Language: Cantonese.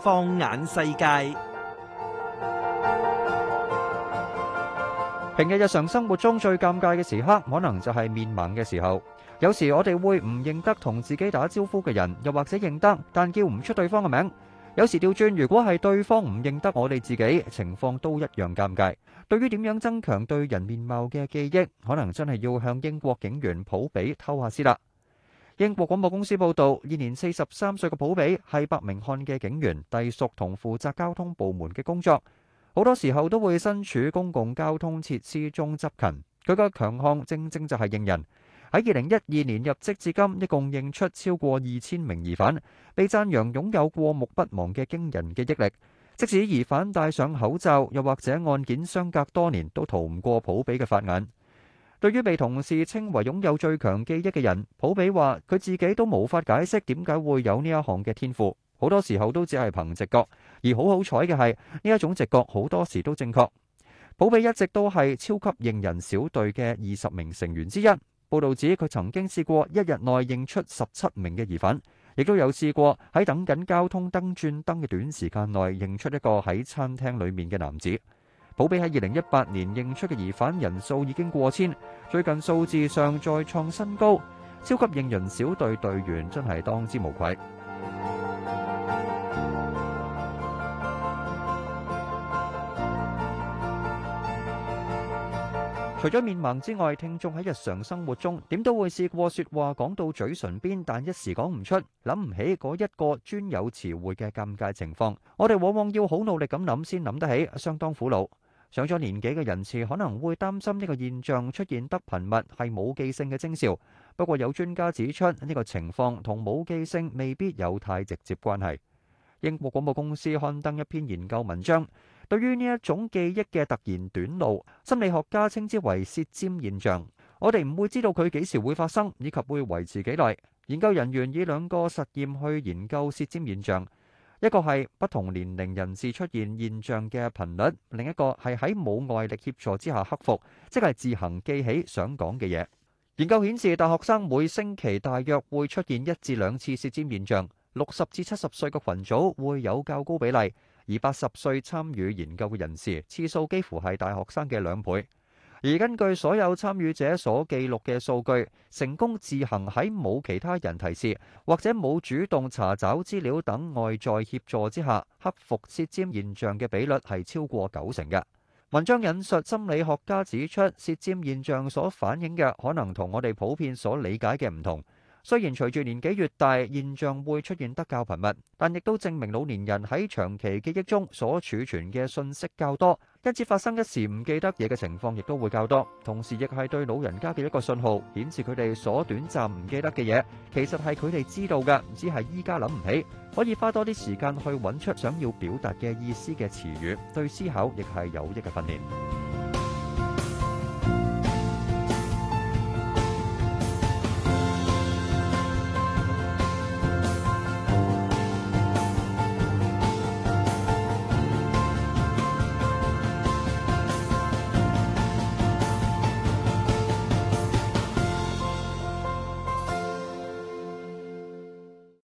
放眼世界，平日日常生活中最尷尬嘅時刻，可能就係面盲嘅時候。有時我哋會唔認得同自己打招呼嘅人，又或者認得，但叫唔出對方嘅名。有時調轉，如果係對方唔認得我哋自己，情況都一樣尷尬。對於點樣增強對人面貌嘅記憶，可能真係要向英國警員普比偷下先啦。英國廣播公司報導，現年四十三歲嘅普比係伯明翰嘅警員，隸屬同負責交通部門嘅工作，好多時候都會身處公共交通設施中執勤。佢個強項正正就係認人，喺二零一二年入職至今，一共認出超過二千名疑犯，被讚揚擁有過目不忘嘅驚人嘅記憶力。即使疑犯戴上口罩，又或者案件相隔多年，都逃唔過普比嘅法眼。對於被同事稱為擁有最強記憶嘅人，普比話：佢自己都無法解釋點解會有呢一行嘅天賦，好多時候都只係憑直覺。而好好彩嘅係，呢一種直覺好多時都正確。普比一直都係超級認人小隊嘅二十名成員之一。報導指佢曾經試過一日內認出十七名嘅疑犯，亦都有試過喺等緊交通燈轉燈嘅短時間內認出一個喺餐廳裡面嘅男子。好比喺二零一八年認出嘅疑犯人數已經過千，最近數字上再創新高。超級認人小隊隊員真係當之無愧。除咗面盲之外，聽眾喺日常生活中點都會試過說話講到嘴唇邊，但一時講唔出，諗唔起嗰一個專有詞彙嘅尷尬情況。我哋往往要好努力咁諗先諗得起，相當苦惱。上咗年紀嘅人士可能會擔心呢個現象出現得頻密係冇記性嘅徵兆，不過有專家指出，呢個情況同冇記性未必有太直接關係。英國廣播公司刊登一篇研究文章，對於呢一種記憶嘅突然短路，心理學家稱之為舌尖現象。我哋唔會知道佢幾時會發生，以及會維持幾耐。研究人員以兩個實驗去研究舌尖現象。一個係不同年齡人士出現現象嘅頻率，另一個係喺冇外力協助之下克服，即係自行記起想講嘅嘢。研究顯示，大學生每星期大約會出現一至兩次舌尖現象，六十至七十歲嘅群組會有較高比例，而八十歲參與研究嘅人士次數幾乎係大學生嘅兩倍。而根據所有參與者所記錄嘅數據，成功自行喺冇其他人提示，或者冇主動查找資料等外在協助之下，克服舌尖現象嘅比率係超過九成嘅。文章引述心理學家指出，舌尖現象所反映嘅可能同我哋普遍所理解嘅唔同。雖然隨住年紀越大，現象會出現得較頻密，但亦都證明老年人喺長期記憶中所儲存嘅信息較多，因此發生一時唔記得嘢嘅情況亦都會較多。同時，亦係對老人家嘅一個信號，顯示佢哋所短暫唔記得嘅嘢，其實係佢哋知道嘅，只係依家諗唔起。可以花多啲時間去揾出想要表達嘅意思嘅詞語，對思考亦係有益嘅訓練。